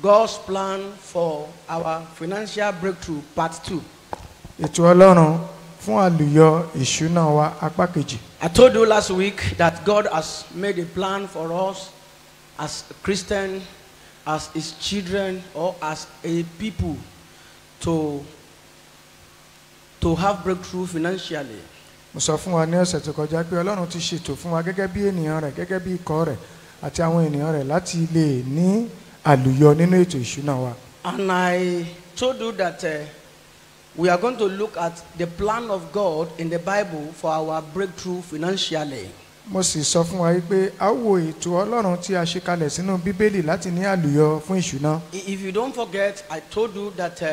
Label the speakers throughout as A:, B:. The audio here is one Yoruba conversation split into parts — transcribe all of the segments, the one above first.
A: God's plan for our financial breakthrough part two.
B: Ètò Ọlọ́run fún àlùyọ ìṣúná wa apá kejì.
A: I told you last week that God has made a plan for us as Christians, as his children, or as a people to to have breakthrough financially.
B: Mo sọ fún wa ní ọ̀sẹ̀ tó kọjá pé Ọlọ́run ti ṣètò fún wa gẹ́gẹ́ bí ènìyàn rẹ̀ gẹ́gẹ́ bí ikọ̀ rẹ̀ àti àwọn ènìyàn rẹ̀ láti lè ní àlùyọ nínú ètò ìṣúná wa.
A: and I told you that uh, we are going to look at the plan of God in the Bible for our breakthrough financially.
B: mo sì sọ fún wa wípé a wo ètò Ọlọ́run tí a ṣe kalẹ̀ sínú Bíbélì láti ní àlùyọ fún ìṣúná.
A: if you don't forget I told you that uh,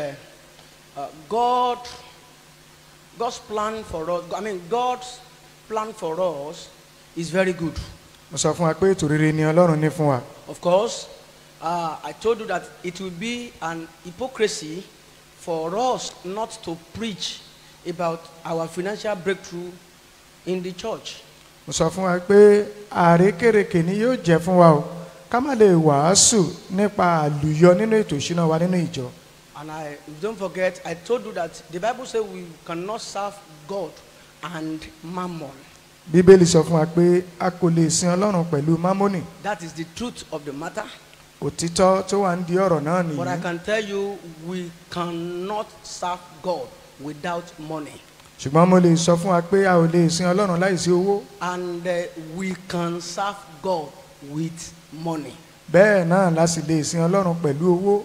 A: uh, God God's plan for us I mean God's plan for us is
B: very good. mo sọ fún wa pé ètò rere ni Ọlọ́run ní fún wa.
A: of course Uh, I told you that it will be an hypocrisy for us not to preach about our financial breakthrough in the church.
B: Mo sọ fún wa pé àrékèrèké ni yóò jẹ́ fún wa o ká má lè wàásù nípa àlùyọ nínú ètò ìṣúná wa nínú ìjọ.
A: And I don't forget I told you that the Bible says we cannot serve God and mammon.
B: Bíbélì sọ fún wa pé a kò lè sin Ọlọ́run pẹ̀lú mámónì.
A: That is the truth of the matter
B: òtítọ́ tó wà ń di ọ̀rọ̀ náà nìyí. but I can
A: tell you we cannot serve God without money.
B: ṣùgbọ́n mo lè sọ fún wa pé a ò lè sin Ọlọ́run láìsí owó.
A: and uh, we can serve God with money.
B: bẹ́ẹ̀ náà la sì lè sin Ọlọ́run pẹ̀lú owó.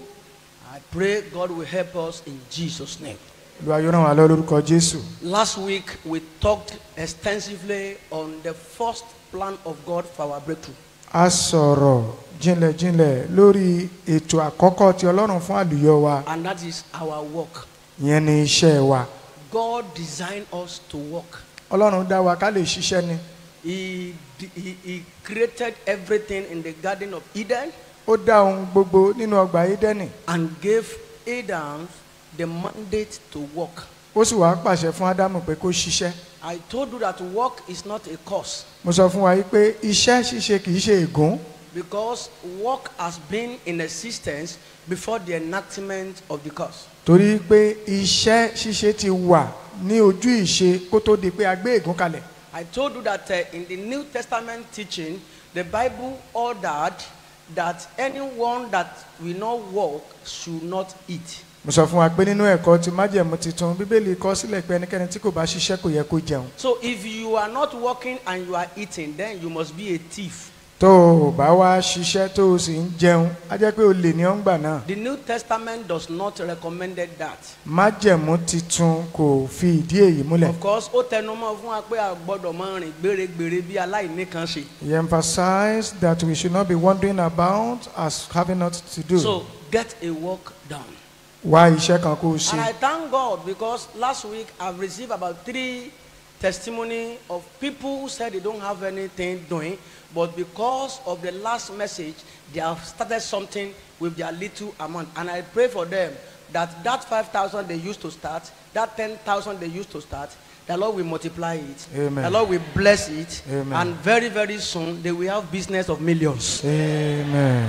A: I pray God will help us in Jesus' name.
B: Olúwa yóò ràn wá lọ lórúkọ Jésù.
A: Last week we talked extensively on the first plan of God for our breakthrough
B: a sọ̀rọ̀ jinlẹ̀jinlẹ̀ lórí ètò àkọ́kọ́ tí Ọlọ́run fún àlùyọ wa.
A: and that is our work.
B: yẹn ni iṣẹ́ wa.
A: God designed us to work. Ọlọ́run dá wa ká lè ṣiṣẹ́ ni. He, he, he created everything in the garden of Eden. Ó dá ohun gbogbo nínú
B: ọgbà Édẹ́nì. And gave
A: Adam the
B: mandate to work. Ó sì wá pàṣẹ fún Ádámù pé kó ṣiṣẹ́.
A: I told you that work is not a cause.
B: Mo sọ fún wa yìí pé iṣẹ́ ṣíṣe kì í ṣe ègún.
A: Because work has been in existence before the enactment of the cause.
B: Torí pé iṣẹ́ ṣíṣe ti wà ní ojú ìṣe kó tó di pé a gbé ègún kalẹ̀.
A: I told you that uh, in the New Testament teaching, the Bible ordered that anyone that will not work should not eat
B: mo sọ fún wa pé nínú ẹ̀kọ́ ti májẹ̀mú titun bíbélì kọ sílẹ̀ pé ẹnikẹ́ni tí kò bá ṣiṣẹ́ kò yẹ kó jẹun.
A: so if you are not working and you are eating then you must be a thief.
B: tó o bá wá ṣiṣẹ́ tó o sì ń jẹun á jẹ́ pé o lè ní ọ̀ngbà náà.
A: the new testament does not recommend that.
B: májẹ̀mú titun kò fi ìdí èyí múlẹ̀. of
A: course ó tẹnu mọ́ fún wa pé a gbọ́dọ̀ máa rìn gbèrègbèrè bí aláìníkanṣe.
B: he emphasized that we should not be wondering about as having not to do. so
A: get a work done
B: wá iṣẹ́ kan kó o ṣe. and I
A: thank God because last week I received about three testimony of people who said they don't have anything doing but because of the last message they have started something with their little amount and I pray for them that that five thousand they used to start that ten thousand they used to start the Lord will multiply it. Amen. The Lord will bless it. Amen. And very, very soon, they will have business of millions. Amen.